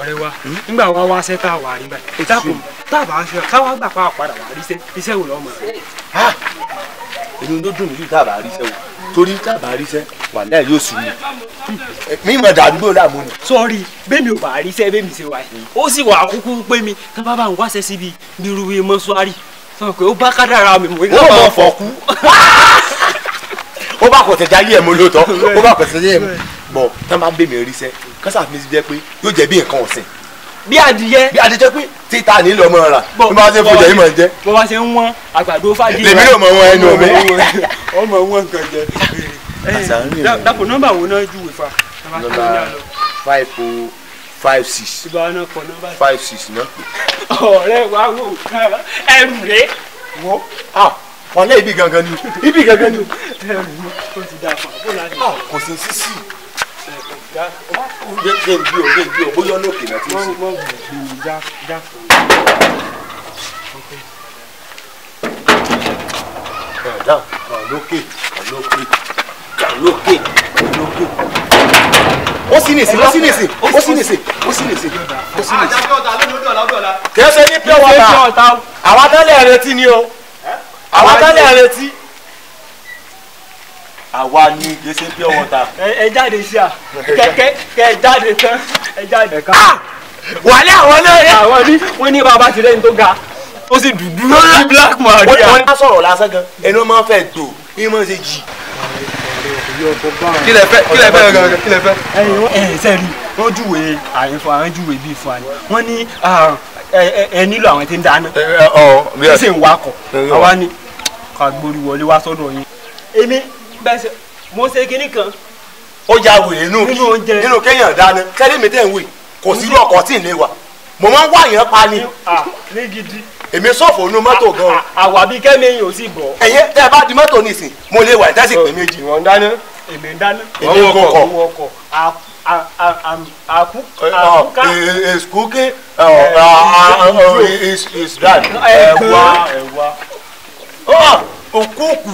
ọ̀rẹ́ wa nígbà wa wá ṣẹ́ tá a wà rí báyìí ìtàkùn tá a bá ṣe káwá gbà pa àpàdà wà rí iṣẹ́ iṣẹ́ wò lọ́mọ rẹ̀. èmi ló dùn mí tá a bá rí iṣẹ́ wò torí tá a bá rí iṣẹ́ wà láì yóò sùn mí mi mọ̀ dàdúgbò láàmú ni. sọ́ọ́rì bẹ́ẹ̀mi ò bá rí iṣẹ́ bẹ́ẹ̀mi ṣe wáyé ó sì wà kúkú pé mi tó bá bá ń wáṣẹ́ síbi bí irú iye mọ́ṣúárì sọ pé ó bá kádàrá mi mọ̀. wọ́n mọ̀ ó bá kọ̀tẹ̀jáyé ẹ̀ mọ́ lóòótọ́ ó bá kọ̀tẹ̀jáyé ẹ̀ mọ́ bọ̀ tán bá bèmí rí sẹ́ kásá mi ti jẹ́ pé yóò jẹ́ bí nǹkan ọ̀sìn. bí adìyẹ bí adìyẹ pé títa nílò ọmọ rà bí wọ́n ṣe ń fojọ́ yìí mọ̀ ń jẹ́. bó bá ṣe ń wọ́n àgbàdo fàájì rẹ̀ lèmi yóò mọ̀ wọ́n ẹnu mi. ọmọ wọn kan jẹ. dàpọ̀ nọ́mbà wo náà júwe fa. nọ́mbà five o five six. ìbá wọn kọ nọ́mbà five six náà. ọ̀rẹ́ wa wò ẹrù rẹ̀ wò wàlẹ́ ibi gangan ni ibi gangan ni. ẹrù mi ó ti kò sí sísì gbé gbé gbé o gbé gbé o bóyá ọ̀nà òkè náà ti ń sè. mọ bù bí mi já já fún mi. kàdá kàlókè kàlókè kàlókè kàlókè. ó sì nìsín ó sì nìsín ó sì nìsín ó sì nìsín ó sì nìsín. kí ẹ ṣe ní pure water àwọn atálẹ̀ àrètí ni o àwọn atálẹ̀ àrètí àwa ni gbèsè pure water. ẹ jáde sí a kẹkẹ kẹ jáde tán ẹ jáde. Ah! wàlẹ́ àwọn náà yẹ. àwọn ní wọ́n ní bàbá ti lẹ́yìn tó ga ó sì dúdú ní black maria. wọ́n ní sọ̀rọ̀ lásán gan ẹni wọ́n máa ń fẹ́ tó ní mọ̀ ṣe jì. kílẹ̀ fẹ́ kílẹ̀ fẹ́ gangan kílẹ̀ fẹ́. ẹyin ẹyin sẹ́ẹ̀rì wọ́n júwèé àyìnfọ́ àwọn júwèé bíi fún àná wọ́n ní ẹ nílò àwọn tí ń dáná kí sì ń wakọ̀ àwa ni ká gbórí wọlé wá sọ́dọ̀ yín. èmi bẹ́sẹ̀ mo ṣe kinní kan. ó ya wèrè nù kí nínú kéèyàn dáná sẹ́lẹ̀ mi tẹ̀ ń wè kò sí ọkọ̀ tí ì lè wà mo máa ń wá yẹn pa ni. Ah, ní gidi. èmi sọ̀fọ̀ onú mọ́tò ah, gan. Ah, àwa bíi kẹ́mi yìí ò sì bọ̀. ẹ̀yẹ tẹ́ ẹ bá di mọ́tò nísìn mo lè wà ìdásí pé méjì. ìwọ̀n dáná èmi ń dáná. èmi ń kọkọ. èmi ń kọkọ àkúkà. ìsukúkí ìsdán ẹ̀wà ẹ̀wà. Oh, òkúùkù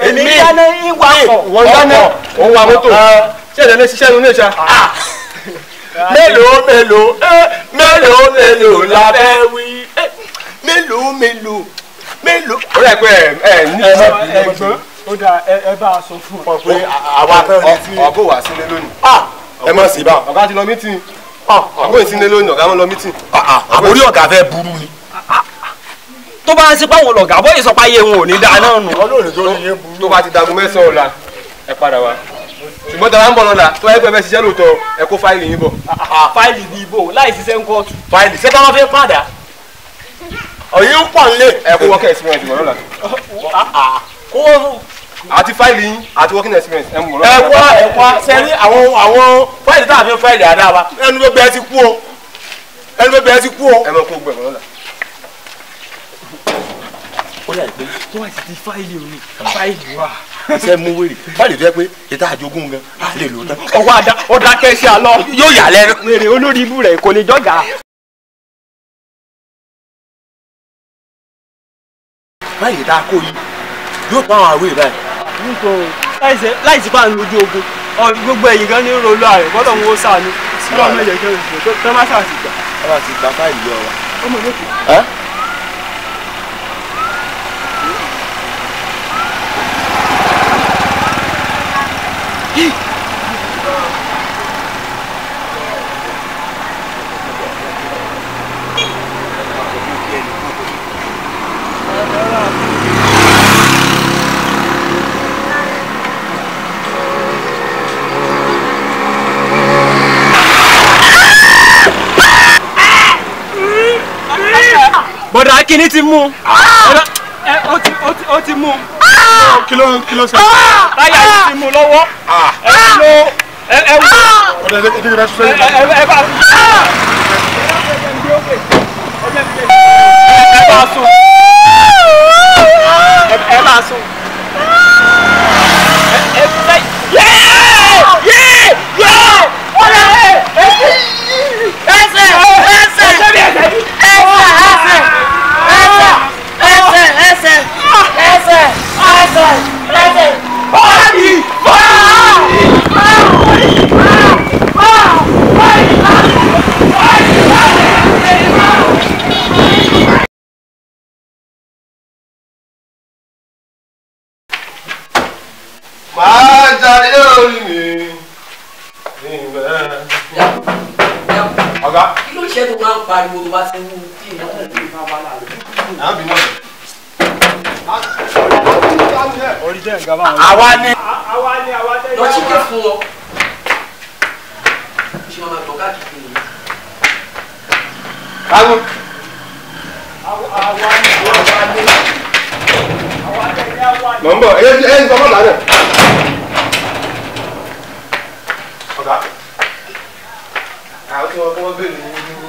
èmi dáná ìwà kọ̀ wọ́n dáná òun wa mọ́tò ṣé ẹ̀dá ní ṣiṣẹ́ nínú ìṣá. Ah. Ah. mélòó mélòó mélòó mélòó la fẹ́ wí mélòó mélòó mélòó. ó rẹ̀ pé ẹ ẹ ní ó dáa ẹ bá a sọ fún ọ pé àwa ọkọ wà sílé lónìí. Ah. ẹ má sì bá ọ̀gá ti lọ mítìn ọ̀gá ti lọ ọ̀gá ti lọ mítìn. àbórí ọ̀gá fẹ́ burú ni tó bá ń sípò àwọn ọlọ́gà bóyá ìsọpá yé wọn ò ní dáa náà nù. tó bá ti dagun mẹ́sàn-án ọ̀la ẹ padà wá ṣùgbọ́n tọ́lá ń bọ̀ lọ́la tó ẹgbẹ́ bẹ́ẹ̀ ṣiṣẹ́ lóòótọ́ ẹ kó fáìlì yín bọ̀. fáìlì ní ibo láì ṣiṣẹ́ ń kóòtù. fáìlì ṣé táwọn fẹ́ padà. ọ̀yẹ́ ń pọ̀ nílé. ẹ kó work experience mọ̀ lọ́la. àti fáìlì yín àti working experience ẹ mọ̀ lọ́la. ẹ wá ẹ wá sẹ́ni àwọn àwọn fáìlì táwọn fẹ́ fáìlì àdáwa ẹnu bẹ́ẹ̀ ti kú o ẹnu bẹ́ẹ̀ ti kú o. ẹ mọ̀ kó gbẹ̀mọ̀ lọ́la ó yà pé. tó wà sí ti fáìlì òní fáìlì wa. iṣẹ́ mú wèrè báyìí fẹ́ pé ìta àjogún gan a lè lò tán. ọwọ́ àdá ọ̀dà kẹ́sì àlọ́ yóò yà lẹ́nu. wèrè olórí ibú rẹ̀ kò lè jọ́gà. báyìí tá a kó yìí yóò tó àwọn àwé báyìí. nítorí láìsí bá ń lójú ogun gbogbo ẹ̀yìn gan ni ń rolú ààrẹ bọ́dọ̀ ń wo sàánú sílọ́ọ̀nù ẹ̀jẹ̀ kẹrin tó tẹ́ má sàásì gbà. ọba ti gba kìíní ti mú ah! ó ti mú. Ah! kí ló kí ló sọ. táyà ah! yìí ti mú lọ́wọ́ ẹ wò ẹ wò ẹ máa jáde lórí mi. ọ̀gá. kí ló ṣe tó máa ń pariwo tó bá ti wú tí ìwọ́n náà ti fa bá láàrin. náà bí wọ́n àwa ni lọ sí ké fún ọ. ṣé wọn máa tọ́ káàkiri ni. káwọn. àwa ni àwa ni. mọ̀ ń bọ̀ ẹ ẹ sọ fún ọ̀la rẹ̀. wọ́n béèrè owó ní owó.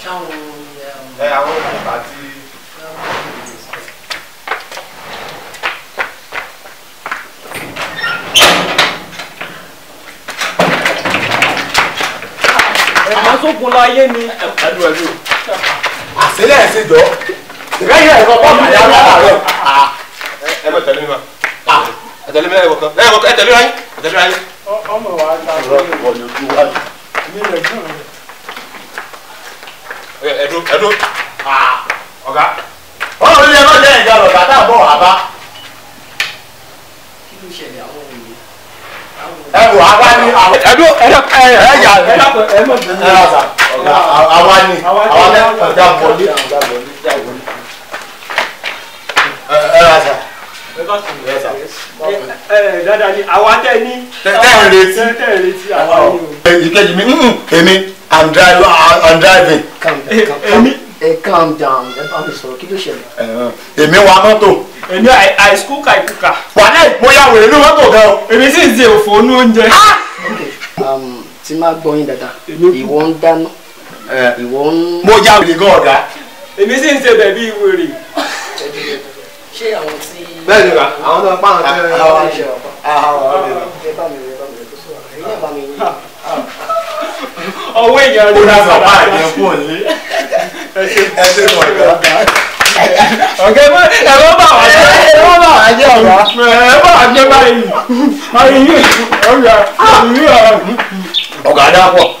ṣáwọn um, ẹ àwọn ọmọ àti. ẹ̀gbọ́n tó gun lọ ayé ni. àṣírí ẹ̀ ṣe jọ ìrẹ́yìn ẹ̀rọ bọ́ọ̀lù àyà lọ́wọ́ ẹ mọ̀ tẹ̀lé mi ma ẹ tẹ̀lé mi ẹ wọ̀ kan ẹ tẹ̀lé mi ayé ẹ tẹ̀lé mi ayé. ọmọ wa ta ló ń bọ̀ lójú wa yìí ẹdó ẹdó ọ̀gá. ọ̀rọ̀ mi ni ẹ má jẹ́ ìjà lọ́gà tá a bọ̀ wá bá. kí ló ṣẹlẹ̀ àwọn òun yìí. ẹ wò àwa ni àwọn. ẹdó ẹdó ẹ ẹ yà ẹ ẹ ọ̀gá àwa ni àwa ni ọ̀gá bọ̀ ní. ẹ ẹ rà sà dada ni àwa tẹ ní. tẹ ẹ retí tẹ ẹ retí àwa ni o. ìkejì mi èmi i'm driving uh, i'm driving. èmi calm down ẹ bá mi sọ̀rọ̀ kí ló ṣẹlẹ̀. Eh, èmi wa mọ́tò. èmi àìsíkú ka ìkúkà. wà á mo ya wèrè ní mọ́tò gan o. èmi sì ń ṣe òfò ní oúnjẹ. Ah! Um, tí máa gbọ́ yín dáadáa ìwọ ń dáná eh. ìwọ ń. mo ya wèrè gan ọ̀gá. èmi sì ń ṣe bẹ̀bí wèrè. ṣé àwọn tí bẹ́ẹ̀ ni ra àwọn náà pa àwọn tẹ́lẹ̀ náà wọ́n ṣe ọ̀pá. ọwọ́ èèyàn rẹ̀ ra bàbá àyẹ̀ fún òní. ẹ ṣe mọ̀ ọ̀gá. ọ̀gá ẹ wọ́n bá wà jẹ́ ẹ wọ́n bá wà jẹ́ ọ̀gá ẹ bá wà jẹ́ báyìí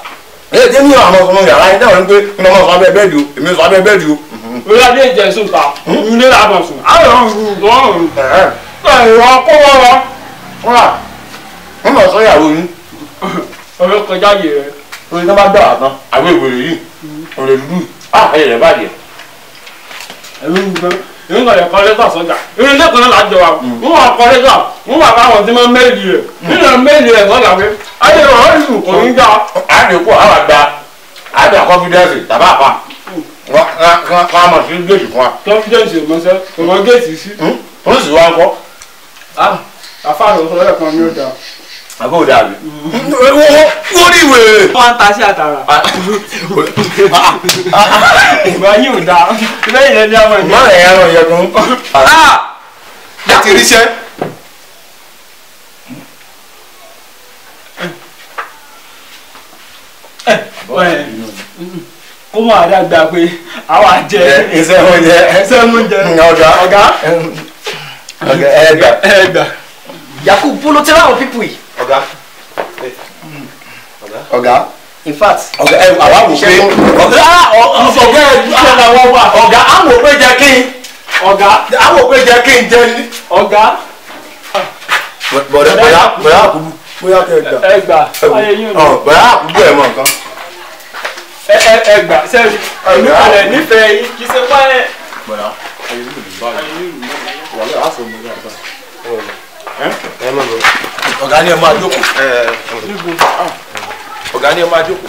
ẹ jẹ́ ní àwọn ọmọ yàrá yín dáhùn pé ní ọmọ sọ abẹ́ bẹ́ẹ̀dì o èmi sọ abẹ́ bẹ́ẹ̀dì o. lórí adé ìjẹ sùn ta ilé la mọ̀ sùn. ayọ̀ ọ̀rùn ẹ̀rọ kó wọ́n wá. wọ́n mọ̀ mọ̀ sọ́yàwó yín. ọ̀rẹ́ kọjá yìí rẹ̀. orí tó bá dà wá tán àwọn ìwé rẹ̀ yìí hmm. ọ̀rẹ́ dúdú ah ẹ̀yẹ̀ rẹ̀ bàjẹ́. ẹ̀rọ ń gbọ́ n kò lè kọ lẹ́tà sọ́jà irun náà kan náà lájọ wa n wà kọ lẹ́tà n wà bá àwọn tí wọ́n méèlì rẹ̀ nínú méèlì rẹ̀ sọ́jà pé ayé rẹ̀ wọ́n lù kò ní já. a lè kó àwọn àgbà àgbà confidence tàbá àpá wọn a mọ̀ sí géètì fún wa. confidence ò mọ sẹ́ ò mọ géètì polisi wa ń kọ́. àfa àlọ́ sọ́jà kan ní ọjà àbí ò dàbí. wọ́n ní ìwé. wọ́n ń ta sí àtàrà. Ah. Ah. ìgbà yìí ò dáa lẹ́yìn ẹni àwọn ìgbà. má rẹ̀ ẹran ìyẹ̀dùn. láti ah. ríṣẹ́. kó máa dàgbà pé àwa jẹ iṣẹ́ oúnjẹ iṣẹ́ oúnjẹ mm, ọ̀gá ọ̀gá ẹ̀ẹ́dà. Yakubu ló ti ráwọn pípù yìí. Oga, ọ̀gá ọ̀gá in fact ọ̀gá ẹ àwa wò pé ọ̀gá ọ̀gá ẹ iṣẹ́ la wọ́n wà ọ̀gá àwọ̀ pé jẹ́ kí n ọ̀gá àwọ̀ pé jẹ́ kí n jẹ́ ní ọ̀gá. bọ̀dọ̀ bọ̀dọ̀ bọ̀dọ̀ àkùbù bóyá kẹ́ ẹ gbà ẹ gbà ayé yín o bọ̀dọ̀ àkùbù ẹ̀ mọ̀ nǹkan. ẹ ẹ ẹ gbà sẹ́yìn èmi kalẹ̀ nífẹ̀ẹ́ yín kì í ṣe pa ẹ̀. bọ̀dọ̀ ayé yín o báyìí wàhálà á sọ ọmọ yàrá báyìí. ẹ ẹ má lọ ọ̀gá ni ẹ máa jókòó. ọ̀gá ni ẹ máa jókòó.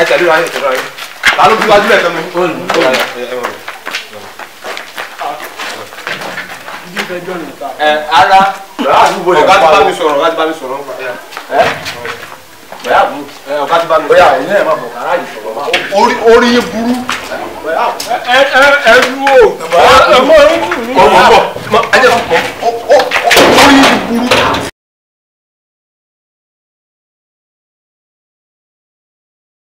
ẹ tẹ̀lé ra yín tẹ̀lé ra yín. ta ló fi wájú ẹ̀ tẹ́lẹ̀ mi. ara ọ̀gá ti bá mi sọ̀rọ̀ ọ̀gá ti bá mi sọ̀rọ̀ bẹ́ẹ̀ bú ọ̀gá ti bá mi bóyá ẹ̀yin ẹ̀ máa bọ̀ kárá yìí sọ̀rọ̀ máa. orí orí burú. ẹ ẹ ẹ lu o. ẹ mọ ẹ mọ. kọ́ mọ́ bọ̀.